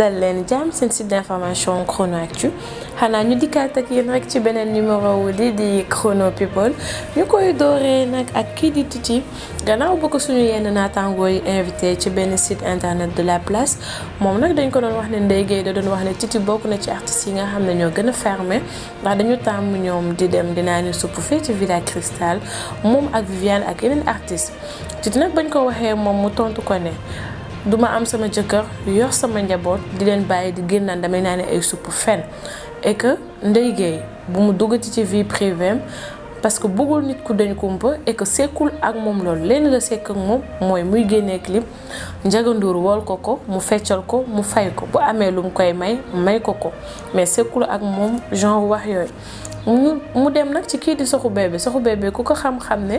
dal leen jàmm seen site d'information Chrono Actu xanaa ñu dikkaat ak yéen ci beneen numéro wu di di Chrono People ñu koy dooree nag ak kii di Titi gannaaw ba ko suñu yenn naataangoo yi invité ci benn site internet de la place moom nag dañ ko doon wax ne Ndeye Gueye da doon wax ne Titi bokk na ci artistes yi nga xam ne ñoo gën a fermé ndax dañu tàmm ñoom di dem dinaa ne supp fee ci Villa Cristal moom ak Viviane ak yeneen artistes Titi nag bañ ko waxee moom mu tontu ko ne. duma am sama jëkkër yor sama njaboot di leen bàyyi di génnaan damay naa ne ay supp fen et que Ndeye bu mu duggati ci vie privée parce que bëggul nit ku dañ kumpa et que sekkul ak moom loolu leen la sekk ak moom mooy muy génnee clip Ndiaga Ndour wool ko ko mu feccal ko mu fay ko bu amee lu mu koy may may ko ko mais sekkul ak moom genre wax yooyu ñu mu dem nag ci kii di soxu bi soxu bébé ku ko xam-xam ne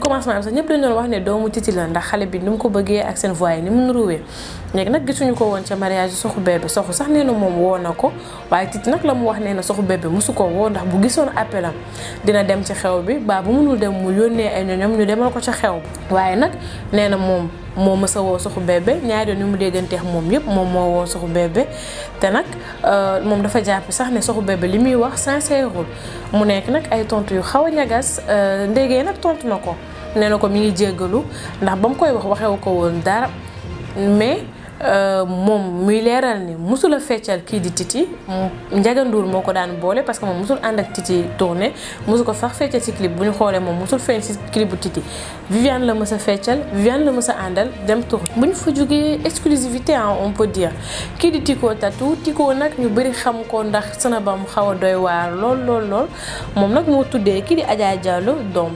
commencement am sax ñëpp dañu doon wax ne doomu titi la ndax xale bi nu mu ko bëggee ak seen voix ni mu nuruwee léegi nag gisuñu ko woon ca mariage soxu bébé soxu sax nee na moom woo na ko waaye titi nag la mu wax nee na soxu bi mosu ko woo ndax bu gisoon appel dina dem ci xew bi baa bu mënul dem mu yónnee ay ñoñom ñu demal ko ca xew bi waaye nag nee na moom moo mës a woo soxu bébé ñaari yoon yu mu dégganteex moom yëpp moom moo woo soxu bébé te nag euh, moom dafa jàpp sax ne soxu bébé li muy wax sincèreul mu nekk nag ay tontu yu xaw a ñagas euh, ndégee nag tontu na ko nee na ko mi ngi jéggalu ndax ba mu koy wax waxewu ko woon dara mais Euh, moom muy leeral ni musul a feccal kii di Titi Ndiaga Ndour moo ko daan boole parce que moom musul ànd ak Titi tourné musu ko sax feccal ci clip bu ñu xoolee moom musul feeñ ci clip bu Titi Viviane la mës a feccal Viviane la mës a àndal dem tourné bu ñu fa jógee exclusivité ah on di dire kii di Tico Tatou Tico nag ñu bëri xam ko ndax sëna ba mu xaw a doy waar lool lool moom nag moo tuddee kii di Adja doom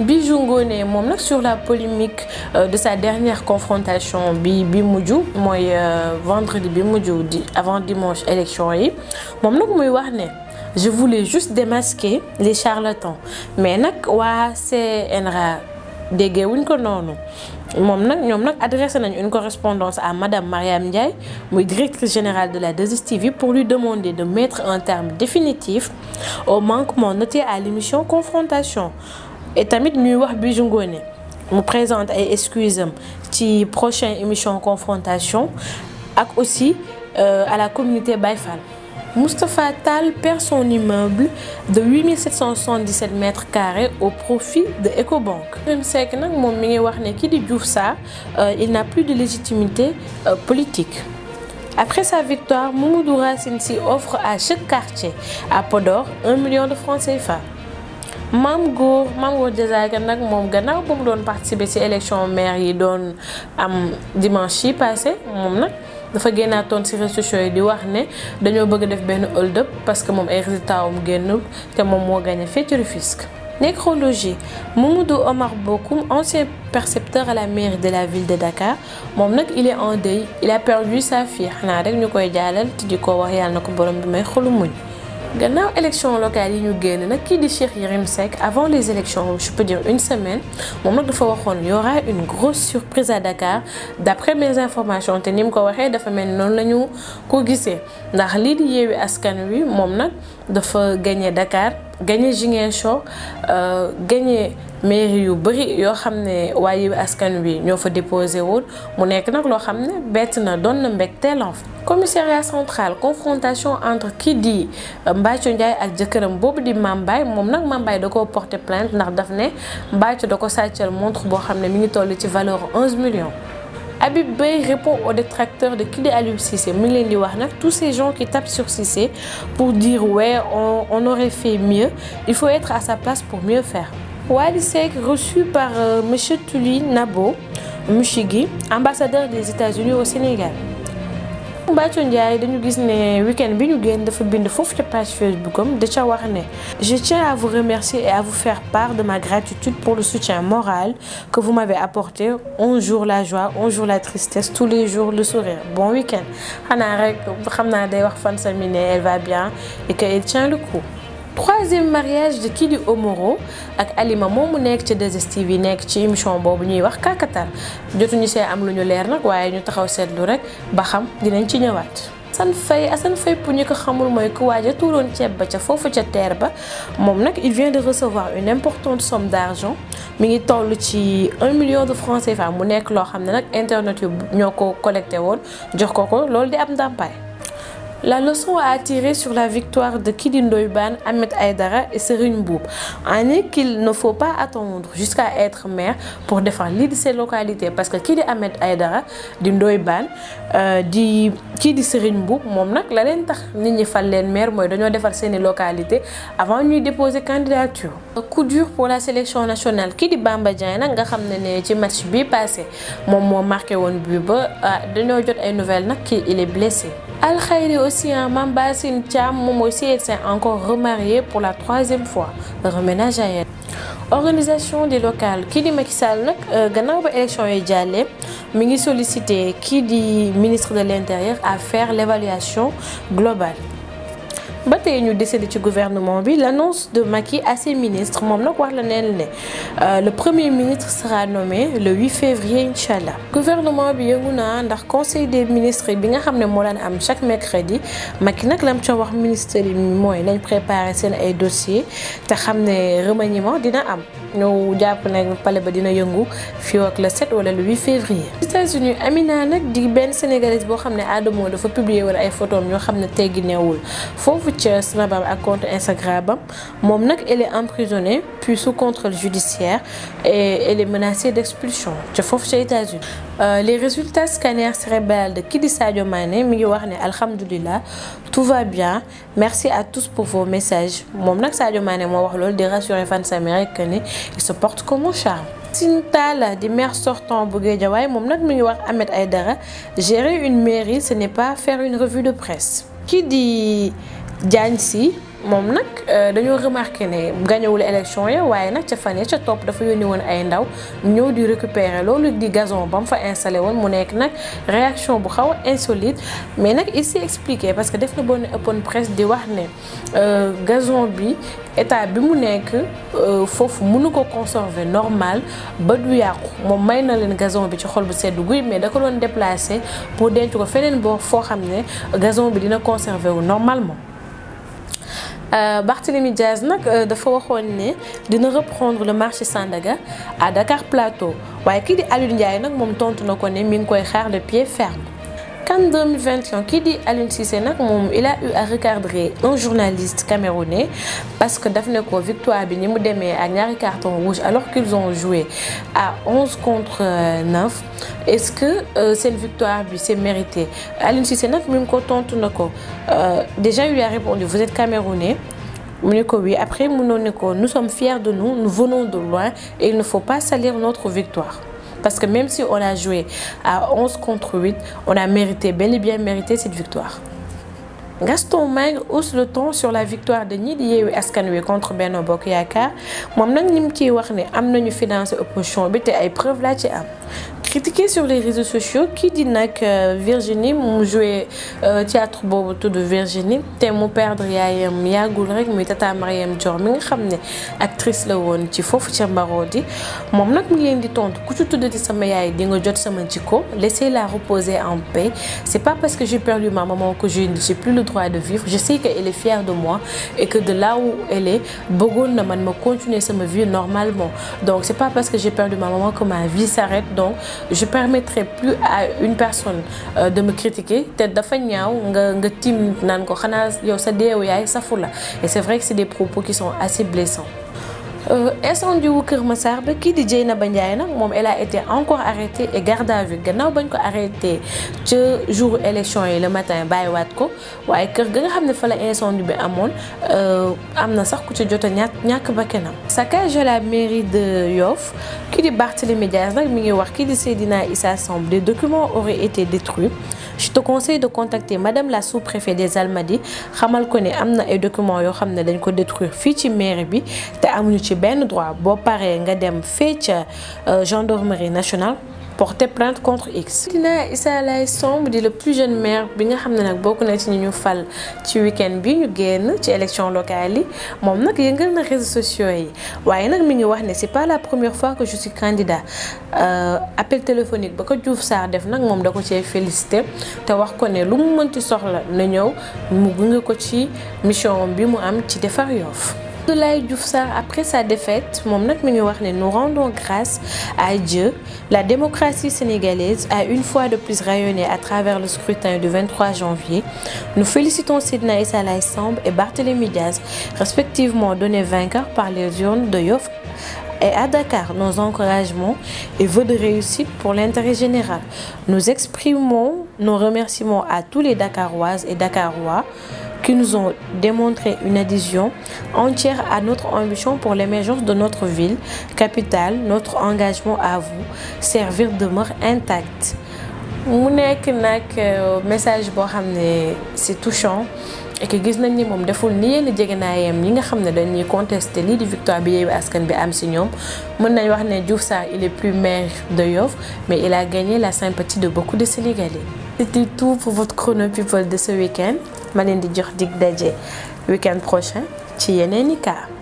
Bijou Ngoné moom nag sur la polémique euh, de sa dernière confrontation bi bi mujj mooy euh, vendredi bi mujj di avant dimanche élection yi moom nag mooy wax ne je voulais juste démasquer les charlatans mais nag waa CNRA déggee wuñ ko noonu moom nag ñoom nag adressé nañu une correspondance à madame Mariam Ndiaye muy directrice générale de la 2STV pour lui demander de mettre un terme définitif au manquement noté à l'émission Confrontation et tamit ñuy wax Bijou mu présente ay excuses am ci prochaine émission confrontation ak aussi euh, à la communauté Baye Fall Moustapha Tall perd son immeuble de 8777 mètres carrés au profit de Ecobank. Même Seck nag moom mi ngi wax ne ki di Diouf Sarr euh, il n'a plus de légitimité euh, politique. Après sa victoire Mamadou Racine Sy offre à chaque quartier à Podor 1 million de francs CFA. maam góor maam góor Diazaka nag moom gannaaw ba mu doon participer ci élection maire yi doon am dimanche yi passé moom nag dafa génnaatoon ci réseaux yi di wax ne dañoo bëgg def benn hold up parce que moom ay résultats am génnul te moom moo gagné fii ci Rufisque nécrologie Mamadou Omar Bokoum ancien percepteur à la mairie de la ville de Dakar moom nag il est en deuil il a perdu sa fille xanaa rek ñu koy jaalal te di ko wax yàlla na ko borom bi may xolu muñ gannaaw élection locale yi ñu génn nag kii di Cheikh Yérim Seck avant les élections je peux dire une semaine moom nag dafa waxoon y aura une grosse surprise à Dakar d'après mes informations te ni mu ko waxee dafa mel noonu la ñu ko gisee ndax lii di Yewwi Askan Wi moom nag dafa gagné Dakar gagné Ziguinchor euh, gagné mairie yu bëri yoo xam ne waaye askan wi ñoo fa déposé woon mu nekk nag loo xam ne bett na doon na mbégteel en commissariat central confrontation entre kii di euh, Mbathio Ndiaye ak jëkkëram boobu di Mambaye moom nag Mambaye da koo porté plainte ndax daf ne Mbathio da ko sàccal montre boo xam ne mi ngi toll ci valeur 11 millions Habib Beye répond aux détracteurs de Kidi Alioune Cissé mu ngi leen di wax nag tous ces gens qui tap sur Cissé pour diir ouais on, on aurait fait mieux il faut être à sa place pour mieux Wally Seck reçu par euh, Monsieur Tuli Nabo Mushigi ambassadeur des États-Unis au Sénégal. Mbathio Ndiaye gis ne week-end bi ñu génn dafa bind foofu ca page Facebook wax ne je tiens à à vous faire part de ma gratitude pour le que vous m'avez apporté jour la joie un jour la les jours le sourire bon week-end xam naa day wax fan sa mi troisième mariage de Kidi Omoro ak moom mu nekk ci 2STV yi nekk ci émission boobu ñuy wax kakatar jotuñu see am lu ñu leer nag waaye ñu taxaw seetlu rek ba xam dinañ ci ñëwaat. Assane fay Assane Faye pour ko xamul mooy ku waaj a tuuroon ceeb ba ca foofu ca teer ba moom nag il vient de recevoir une importante somme d'argent mi ngi toll ci 1 million de francs CFA mu nekk loo xam ne nag internet yu ñoo ko collecté woon jox ko ko loolu di ab ndàmpaay. La leçon a attiré sur la victoire de Kidindoyban, Ahmed Aydara dara Serine Boub. En est qu'il ne faut pas attendre jusqu'à être maire pour défendre l'île di ses localité Parce que di qui dit Ahmed Aydara, Dindoyban, euh, dit, di dit Serine moom nag la leen tax nit ñi fal leen maire mooy dañoo defar seeni localité avant ñuy déposer candidature. coup dur pour la sélection nationale kii di Bamba Dieng nag nga xam ne ne ci match bi passé moom moo marqué woon but ba ah, dañoo jot ay nouvelles nag kii il est blessé. Alkhaïri aussi, un Mambasin Thiam, moom aussi, elle s'est encore remariée pour la troisième fois. Reménage à elle. organisation des locales kii di Macky Sall nag euh, gannaaw ba élection yi jàllee mi ngi sollicité kii di ministre de l'intérieur à faire l'évaluation globale ba tey ñu décédé ci gouvernement bi l'annonce de Macky à ses ministres moom nag wax la neen ne euh, le premier ministre sera nommé le 8 février incha allah. gouvernement bi yëngu naa ndax conseil des ministres bi nga xam ne moo daan am chaque mercredi Macky nag lam ca wax ministre yi mooy nañ préparer seen ay dossiers te xam ne remaniement dina am ñu jàpp nag palais ba dina yëngu fii ak le 7 wala le 8 février. États-Unis Amina nag di benn sénégalaise boo xam ne Adamo dafa publier wala ay photos yoo xam ne tegginewul foofu ca Snapchat ak compte Instagram am moom nag elle est emprisonnée puis sous contrôle judiciaire et elle est menacée d'expulsion ca foofu ca États-Unis euh, les résultats scanner cérébral de kii di Sadio Mané mi ngi wax ne alhamdulilah tout va bien merci à tous pour vos messages moom nag Sadio Mané moo wax loolu di rassurer fans américains ne il se porte comme un charme. Sintala di maire sortant bu Guédiawaye moom nag mi ngi wax Ahmed Aïdara gérer une mairie ce n'est pas faire une revue Diagne si moom nag euh, dañoo remarqué ne gañewul élection ya waaye nag ca fan ya ca topp dafa yónni woon ay ndaw ñëw di récupérer loolu di gazon ba mu fa installé woon mu nekk nag réaction bu xaw insolite mais nag il s'est expliqué parce que def na bonne open presse di wax ne euh, gazon bi état bi mu nekk euh, foofu mënu ko conserver normal ba du yàqu moom may na leen gazon bi ci xol bu sedd guy mais da ko doon déplacé pour denc ko feneen boo foo xam ne gazon bi dina conserver wu normalement Euh, Barthélémy Diaz nag euh, dafa waxoon ne dina reprendre le marché Sandaga à Dakar Plateau waaye kii di Aliou Ndiaye nag moom tontu na ko ne mi ngi koy xaar de pied ferme. CAN 2021 kii di Aliou Cissé nag moom il a eu à recadrer un journaliste camerounais parce que daf ne ko victoire bi ni mu demee ak ñaari carton rouge alors qu'ils ont joué à 11 contre 9 euh, est-ce que euh, seen victoire bi c'est mérité Aliou Cissé nag mi ngi ko tontu na ko euh, déjà il a répondu vous êtes camerounais mu ne ko oui après mu ne ko nous sommes fiers de nous nous venons de loin et il ne faut pas salir notre victoire Parce que même si on a joué à 11 contre 8, on a mérité, bel et bien mérité cette victoire. Gaston Mbengue hausse le ton sur la victoire de ñi di Yewwi Askan Wi contre Benno Bokk Yaakaar moom nag lim ci wax ne am nañu financé opposition bi te ay preuve laa ci am. critiqué sur les réseaux sociaux kii di nag euh, Virginie mu joué euh, théâtre boobu tout tudd Virginie te mu perdre yaayam yàggul rek muy tata Mariam Dior mi nga xam ne actrice la woon ci foofu ca Marodi moom nag mu ngi leen di tontu ku ci tuddati sama yaay di nga jot sama jikko laissez-la reposer que droit de vivre je sais que elle est fière de moi et que de là où elle est bëggoon na man ma continuer sama vie normalement donc c'est pas parce que j'ai perdu ma maman que ma vie s'arrête donc je permettrai plus à une personne euh, de me critiquer te dafa ñaaw nga nga tiim naan ko xanaa yow sa deewu yaay sa la et c'est vrai que c'est des propos qui sont assez blessants Euh, incendie wu Kër ma Massar ba kii di na ba Ndiaye nag moom elle a été encore arrêtée et garde à vue gannaaw bañ ko arrêté ca jour élection yi le matin bàyyiwaat ko waaye kër ga nga xam ne fa la incendie bi amoon euh, am na sax ku ci jot a ñàkk ñàkk bakkanam saccage à la mairie de Yoff kii di Barthélémy Dias nag mi ngi wax kii di Seydina Issa Samb des documents auraient été détruits je te conseille de contacter madame la sous-préfet des Almadies xamal ko ne am na ay documents yoo xam ne dañ ko détruire fii ci mairie bi ci benn droit boo paree nga dem fee ca euh, gendarmerie nationale porter plainte contre X. dina Issa Laye Samb di le plus jeune maire bi nga xam ne nag bokk na ci ñu ñu fal ci week-end bi ñu génn ci élection locale yi moom nag yëngal na réseaux sociaux yi waaye nag mi ngi wax ne c'est pas la première fois que je suis candidat euh, appel téléphonique ba ko Diouf Sarr def nag moom da ko cee félicité te wax ko ne lu mu mënti soxla na ñëw mu gunge ko ci mission bi mu am ci defar Abdoulaye Diouf Sarr après sa défaite moom nag mi ngi wax ne nous rendons grâce à Dieu la démocratie sénégalaise a une fois de plus rayonné à travers le scrutin du 23 janvier nous félicitons Sidna Issa Laye Samb et Barthélémy Diaz respectivement donnés vainqueurs par les urnes de Yoff et à Dakar nos encouragements et vœux de réussite pour l'intérêt général nous exprimons nos remerciements à tous les Dakaroises et Dakarois qui nous ont démontré une adhésion entière à notre ambition pour l'émergence de notre ville, capitale, notre engagement à vous, servir demeure intact. mu nekk nag euh, message boo xam ne si touchant et que gis nañ ni moom deful ni yenn jegenaayam ni nga xam ne dañuy contester lii di victoire bi Askan bi am si ñoom mën nañ wax ne Diouf Sarr il est plus maire de Yoff mais il a gagné la sympathie de beaucoup de Sénégalais. C'était tout pour votre chrono de ce ma leen di jox dig daje week-end prochain ci yeneen i